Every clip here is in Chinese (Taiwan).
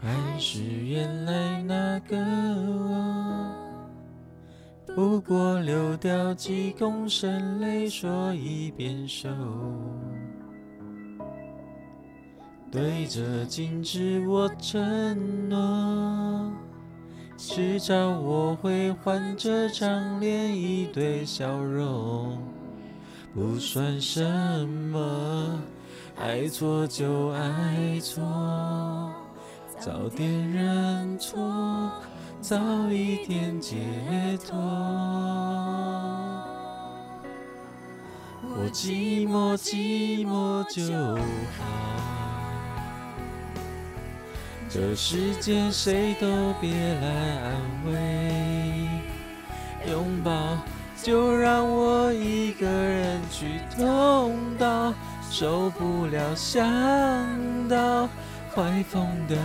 還是原來那個我，不過流掉幾公升淚，所以變瘦。對着鏡子我承諾，遲早我會還這張臉，一堆笑容不算什麼，愛錯就愛錯。早點認錯，早一點解脫。我寂寞寂寞就好，這世界誰都別來安慰。擁抱就讓我一個人去痛到受不了，想到。快瘋掉，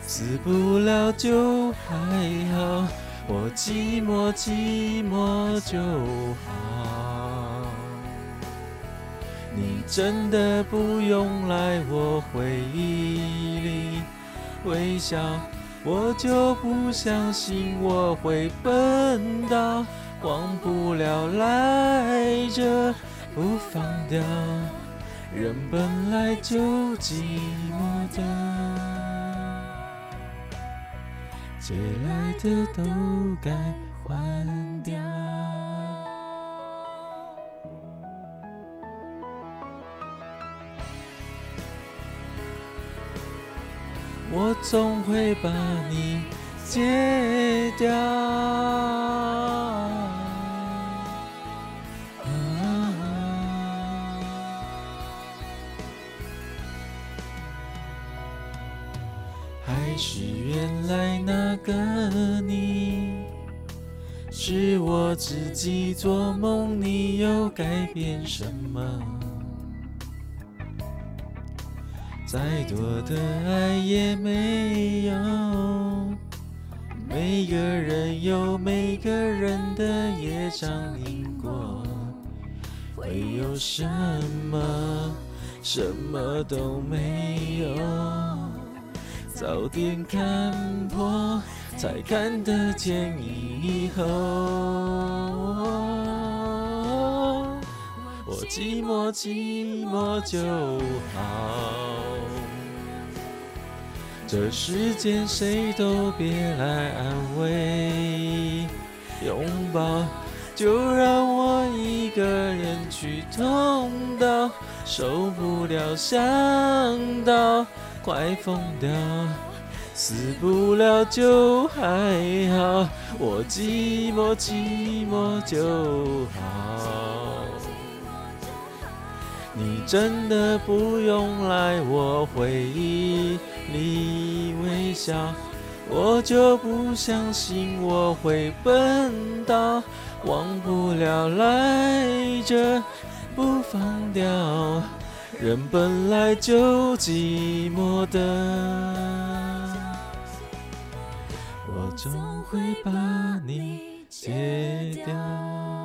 死不了就還好，我寂寞寂寞就好。你真的不用來我回憶裡微笑，我就不相信我會笨到忘不了來着，不放掉。人本來就寂寞的，借來的都該還掉，我總會把你戒掉。是原來那個你，是我自己做夢，你又改變什麼？再多的愛也沒有。每個人有每個人的業障因果，會有什麼？什麼都沒有。早點看破，才看得見以後。我寂寞，寂寞就好。這世間誰都別來安慰、擁抱，就讓我一個人去痛到受不了，想到。快瘋掉，死不了就還好，我寂寞寂寞就好。你真的不用來我回憶裡微笑，我就不相信我會笨到忘不了來着不放掉。人本來就寂寞的，我總會把你戒掉。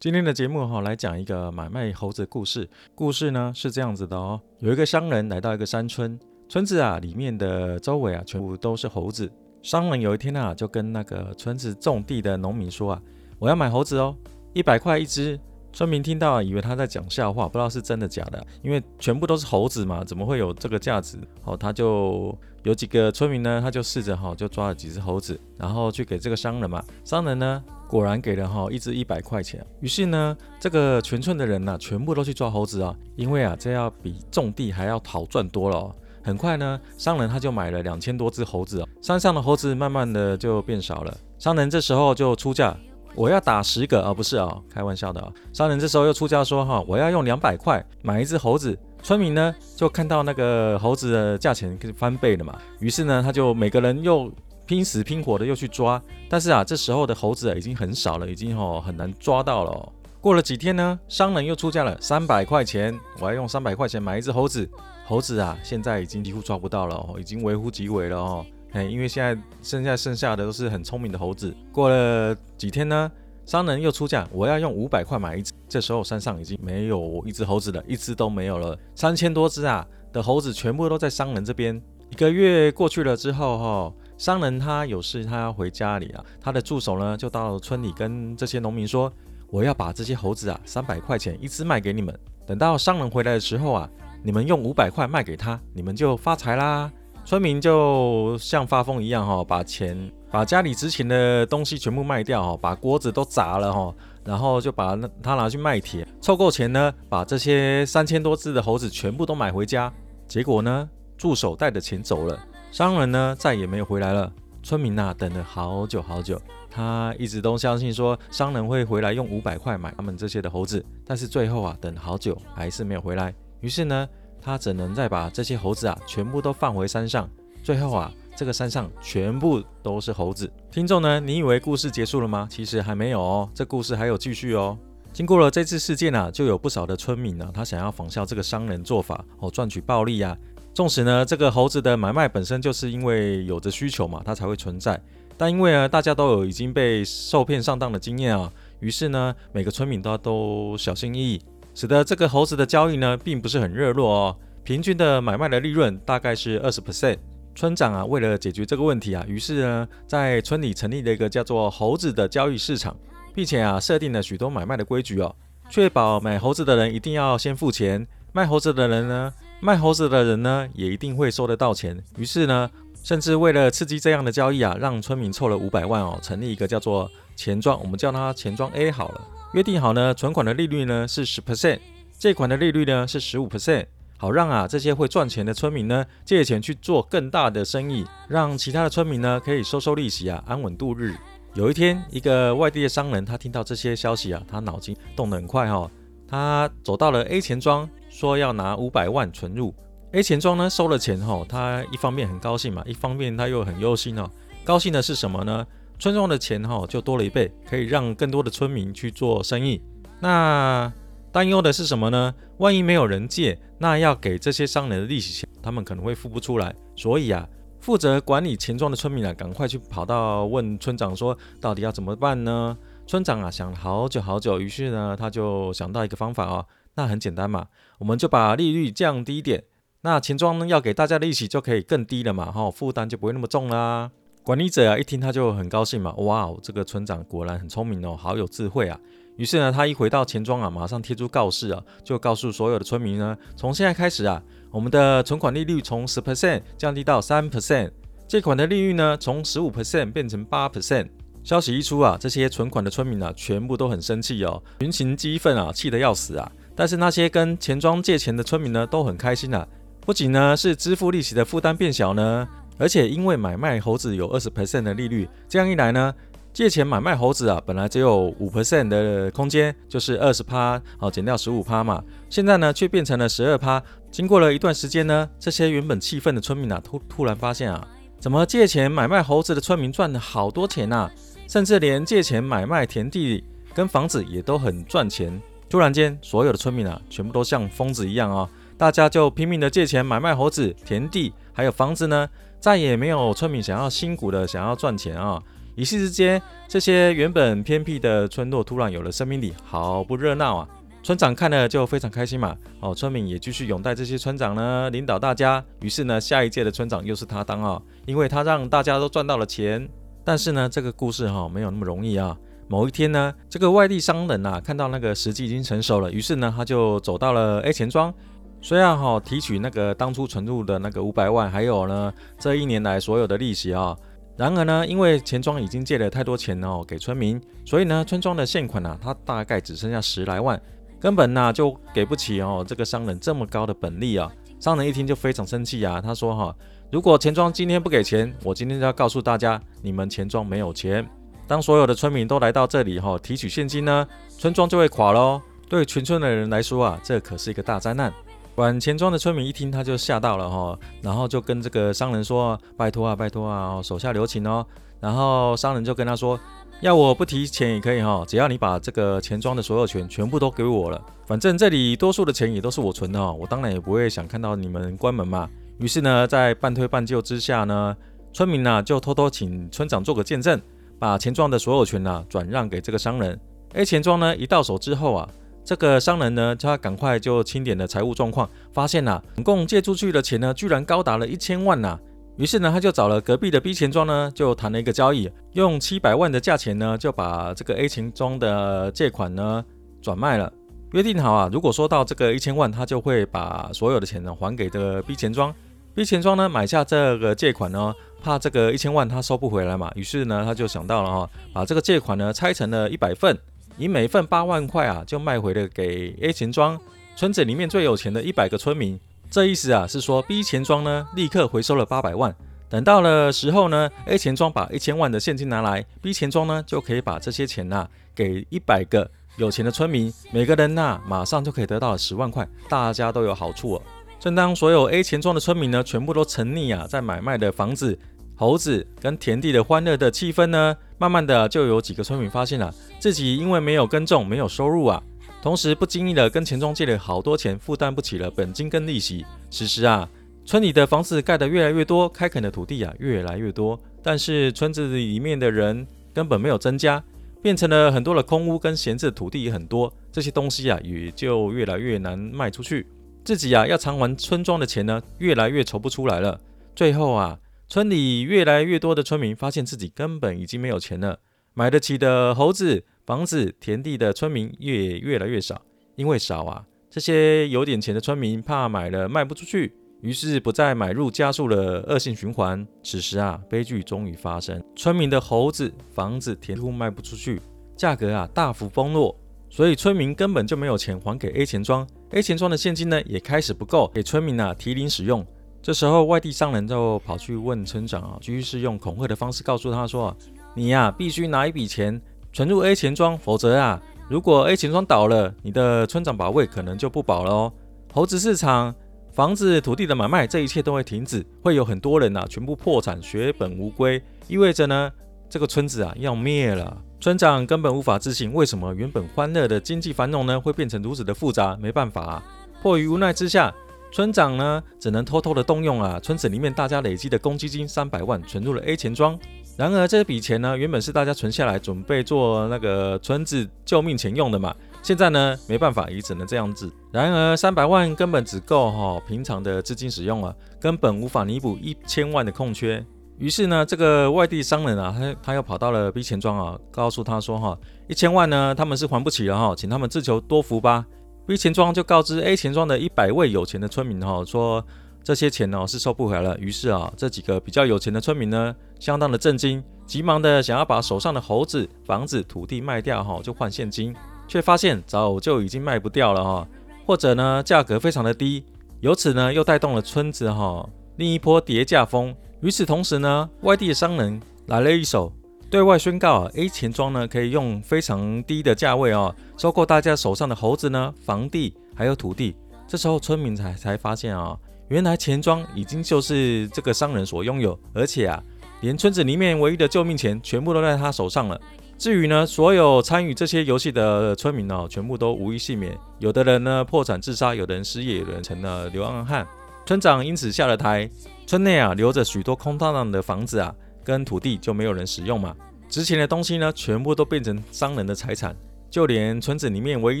今天的節目哈，來講一個買賣猴子的故事。故事呢是這樣子的哦，有一個商人來到一個山村，村子啊裡面的周圍啊全部都是猴子。商人有一天啊就跟那個村子種地的農民說啊，我要買猴子哦，一百塊一隻。村民聽到啊，以為他在講笑話，不知道是真的假的，因為全部都是猴子嘛，怎麼會有這個價值？哦，他就有幾個村民呢，他就試着哈，就抓了幾隻猴子，然後去給這個商人嘛。商人呢，果然給了哈一隻一百塊錢。於是呢，這個全村的人吶、啊，全部都去抓猴子啊、哦，因為啊，這要比種地還要好賺多了、哦。很快呢，商人他就買了兩千多隻猴子、哦，山上的猴子慢慢的就變少了。商人這時候就出價，我要打十個啊，不是啊、哦，開玩笑的、哦。商人這時候又出價說哈，我要用兩百塊買一隻猴子。村民呢，就看到那個猴子的價錢翻倍了嘛，於是呢，他就每個人又。拼死拼活的又去抓，但是啊，這時候的猴子、啊、已經很少了，已經哦很難抓到了、哦。過了幾天呢，商人又出價了三百塊錢，我要用三百塊錢買一只猴子。猴子啊，現在已經幾乎抓不到了，已經微乎其微了哦。誒、哎，因為現在剩下剩下的都是很聰明的猴子。過了幾天呢，商人又出價，我要用五百塊買一只。這時候山上已經沒有一只猴子了，一只都沒有了。三千多只啊的猴子全部都在商人這邊。一個月過去了之後、哦，哈。商人他有事，他要回家裡啊。他的助手呢，就到村裡跟這些農民說：“我要把這些猴子啊，三百塊錢一只賣給你們。等到商人回來的時候啊，你們用五百塊賣給他，你們就發財啦。”村民就像發瘋一樣哈，把錢、把家裡值錢的東西全部賣掉哈，把鍋子都砸了哈，然後就把他拿去賣鐵，湊夠錢呢，把這些三千多只的猴子全部都買回家。結果呢，助手帶着錢走了。商人呢，再也沒有回來了。村民吶、啊，等了好久好久，他一直都相信說商人會回來用五百塊買他們這些的猴子，但是最後啊，等了好久還是沒有回來。於是呢，他只能再把這些猴子啊，全部都放回山上。最後啊，這個山上全部都是猴子。聽眾呢，你以為故事結束了嗎？其實還沒有哦，這故事還有繼續哦。經過了這次事件呢、啊，就有不少的村民呢、啊，他想要仿效這個商人做法哦，賺取暴利呀、啊。縱使呢，這個猴子的買賣本身就是因為有着需求嘛，它才會存在。但因為呢，大家都有已經被受騙上當的經驗啊，於是呢，每個村民都都小心翼翼，使得這個猴子的交易呢，並不是很熱絡哦。平均的買賣的利潤大概是二十 percent。村長啊，為了解決這個問題啊，於是呢，在村裡成立了一個叫做猴子的交易市場，並且啊，設定了許多買賣的規矩哦，確保買猴子的人一定要先付錢，賣猴子的人呢，賣猴子的人呢，也一定會收得到錢。於是呢，甚至為了刺激這樣的交易啊，讓村民湊了五百萬哦，成立一個叫做錢莊，我們叫它錢莊 A 好了。約定好呢，存款的利率呢是十 percent，借款的利率呢是十五 percent。好讓啊，這些會賺錢的村民呢，借錢去做更大的生意，讓其他的村民呢可以收收利息啊，安穩度日。有一天，一個外地的商人，他聽到這些消息啊，他腦筋動得很快哈、哦，他走到了 A 錢莊。說要拿五百萬存入 A 錢莊呢，收了錢後、哦，他一方面很高興嘛，一方面他又很憂心哦。高興的是什麼呢？村莊的錢哈、哦、就多了一倍，可以讓更多的村民去做生意。那擔憂的是什麼呢？萬一沒有人借，那要給這些商人的利息，他們可能會付不出來。所以啊，負責管理錢莊的村民啊，趕快去跑到問村長說，到底要怎麼辦呢？村長啊，想好久好久，於是呢，他就想到一個方法哦，那很簡單嘛。我們就把利率降低一點，那錢莊呢，要給大家的利息就可以更低了嘛，哈，負擔就不會那麼重啦、啊。管理者啊一聽他就很高興嘛，哇哦，這個村長果然很聰明哦，好有智慧啊。於是呢，他一回到錢莊啊，馬上貼出告示啊，就告訴所有的村民呢，從現在開始啊，我們的存款利率從十 percent 降低到三 percent，借款的利率呢，從十五 percent 變成八 percent。消息一出啊，這些存款的村民啊，全部都很生氣哦，群情激憤啊，氣得要死啊。但是那些跟錢莊借錢的村民呢，都很開心了啊。不僅呢是支付利息的負擔變小呢，而且因為買賣猴子有二十 percent 的利率，這樣一來呢，借錢買賣猴子啊，本來只有五 percent 的空間，就是二十趴，哦，減掉十五趴嘛，現在呢卻變成了十二趴。經過了一段時間呢，這些原本氣憤的村民啊，突突然發現啊，怎麼借錢買賣猴子的村民賺了好多錢啊，甚至連借錢買賣田地跟房子也都很賺錢。突然間，所有的村民啊，全部都像瘋子一樣啊、哦！大家就拼命的借錢買賣猴子、田地，還有房子呢，再也沒有村民想要辛苦的想要賺錢啊、哦！一時之間，這些原本偏僻的村落突然有了生命力，好不熱鬧啊！村長看了就非常開心嘛！哦，村民也繼續擁戴這些村長呢，領導大家。於是呢，下一屆的村長又是他當啊、哦，因為他讓大家都賺到了錢。但是呢，這個故事哈、哦、沒有那麼容易啊。某一天呢，這個外地商人吶、啊，看到那個時機已經成熟了，於是呢，他就走到了 A 錢莊，雖然哈、哦、提取那個當初存入的那個五百萬，還有呢，這一年來所有的利息啊、哦。然而呢，因為錢莊已經借了太多錢哦給村民，所以呢，村莊的現款啊，他大概只剩下十來萬，根本吶就給不起哦這個商人這麼高的本利啊、哦。商人一聽就非常生氣啊。他說哈、哦，如果錢莊今天不給錢，我今天就要告訴大家，你們錢莊沒有錢。當所有的村民都來到這裡、哦，哈，提取現金呢，村莊就會垮咯。對全村的人來說啊，這可是一個大災難。管錢莊的村民一聽他就嚇到了、哦，哈，然後就跟這個商人說：“拜托啊，拜托啊，手下留情哦。”然後商人就跟他說：“要我不提錢也可以、哦，哈，只要你把這個錢莊的所有權全部都給我了，反正這裡多數的錢也都是我存的、哦，哈，我當然也不會想看到你們關門嘛。”於是呢，在半推半就之下呢，村民呢、啊、就偷偷請村長做個見證。把錢莊的所有權呢、啊、轉讓給這個商人。A 錢莊呢一到手之後啊，這個商人呢他趕快就清點了財務狀況，發現呢、啊、總共借出去的錢呢居然高達了一千萬呢、啊。於是呢他就找了隔壁的 B 錢莊呢就談了一個交易，用七百萬的價錢呢就把這個 A 錢莊的借款呢轉賣了。約定好啊，如果收到這個一千萬，他就會把所有的錢呢還給這個 B 錢莊。B 錢莊呢買下這個借款呢，怕這個一千萬他收不回來嘛，於是呢他就想到了哈、哦，把這個借款呢拆成了一百份，以每份八萬塊啊就賣回了給 A 錢莊村子裡面最有錢的一百個村民。這意思啊是說 B 錢莊呢立刻回收了八百萬，等到了時候呢 A 錢莊把一千萬的現金拿來，B 錢莊呢就可以把這些錢吶、啊、給一百個有錢的村民，每個人吶、啊、馬上就可以得到了十萬塊，大家都有好處哦。正當所有 A 錢莊的村民呢，全部都沉溺啊在買賣的房子、猴子跟田地的歡樂的氣氛呢，慢慢的就有幾個村民發現了、啊、自己因為沒有耕種沒有收入啊，同時不經意的跟錢莊借了好多錢，負擔不起了本金跟利息。此時啊，村裡的房子蓋得越來越多，開墾的土地啊越來越多，但是村子裡面的人根本沒有增加，變成了很多的空屋跟閒置的土地也很多，這些東西啊也就越來越難賣出去。自己啊，要償還村莊的錢呢，越來越籌不出來了。最後啊，村裡越來越多的村民發現自己根本已經沒有錢了，買得起的猴子、房子、田地的村民也越，越來越少。因為少啊，這些有點錢的村民怕買了賣不出去，於是不再買入，加速了惡性循環。此時啊，悲劇終於發生，村民的猴子、房子、田地賣不出去，價格啊大幅崩落，所以村民根本就沒有錢還給 A 錢莊。A 錢莊的現金呢，也開始不夠，給村民啊提領。使用這時候外地商人就跑去問村長啊，居然是用恐嚇的方式告訴他說，你呀、啊、必須拿一筆錢存入 A 錢莊，否則啊，如果 A 錢莊倒了，你的村長寶位可能就不保了哦。猴子市場、房子、土地的買賣，這一切都會停止，會有很多人吶、啊、全部破產，血本無歸，意味着呢這個村子啊要滅了。村長根本無法置信，為什麼原本歡樂的經濟繁榮呢，會變成如此的複雜？沒辦法啊，迫於無奈之下，村長呢，只能偷偷的動用啊，村子裡面大家累積的公積金三百萬存入了 A 錢莊。然而這筆錢呢，原本是大家存下來準備做那個村子救命錢用的嘛，現在呢，沒辦法，也只能這樣子。然而三百萬根本只夠哈、哦、平常的資金使用啊，根本無法彌補一千萬的空缺。於是呢，這個外地商人啊，他他又跑到了 B 錢莊啊，告訴他說、啊：“哈，一千萬呢，他們是還不起了哈，請他們自求多福吧。”B 錢莊就告知 A 錢莊的一百位有錢的村民哈，說這些錢呢是收不回來了。於是啊，這幾個比較有錢的村民呢，相當的震驚，急忙的想要把手上的猴子、房子、土地賣掉哈，就換現金，卻發現早就已經賣不掉了哈，或者呢，價格非常的低，由此呢又帶動了村子哈，另一波跌價風。與此同時呢，外地的商人來了一手，對外宣告啊，A 錢莊呢可以用非常低的價位啊、哦，收購大家手上的猴子呢、房地還有土地。這時候村民才才發現啊、哦，原來錢莊已經就是這個商人所擁有，而且啊，連村子裡面唯一的救命錢全部都在他手上了。至於呢，所有參與這些遊戲的村民呢、哦，全部都無一幸免，有的人呢破產自殺，有的人失業，有的人成了流浪漢。村長因此下了台，村內啊留着許多空蕩蕩的房子啊，跟土地就沒有人使用嘛，值錢的東西呢全部都變成商人的財產，就連村子裡面唯一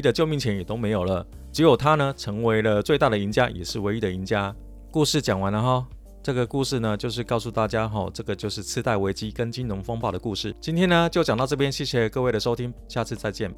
的救命錢也都沒有了，只有他呢成為了最大的贏家，也是唯一的贏家。故事講完了哈，這個故事呢就是告訴大家哈，這個就是次貸危機跟金融風暴的故事。今天呢就講到這邊，謝謝各位的收聽，下次再見。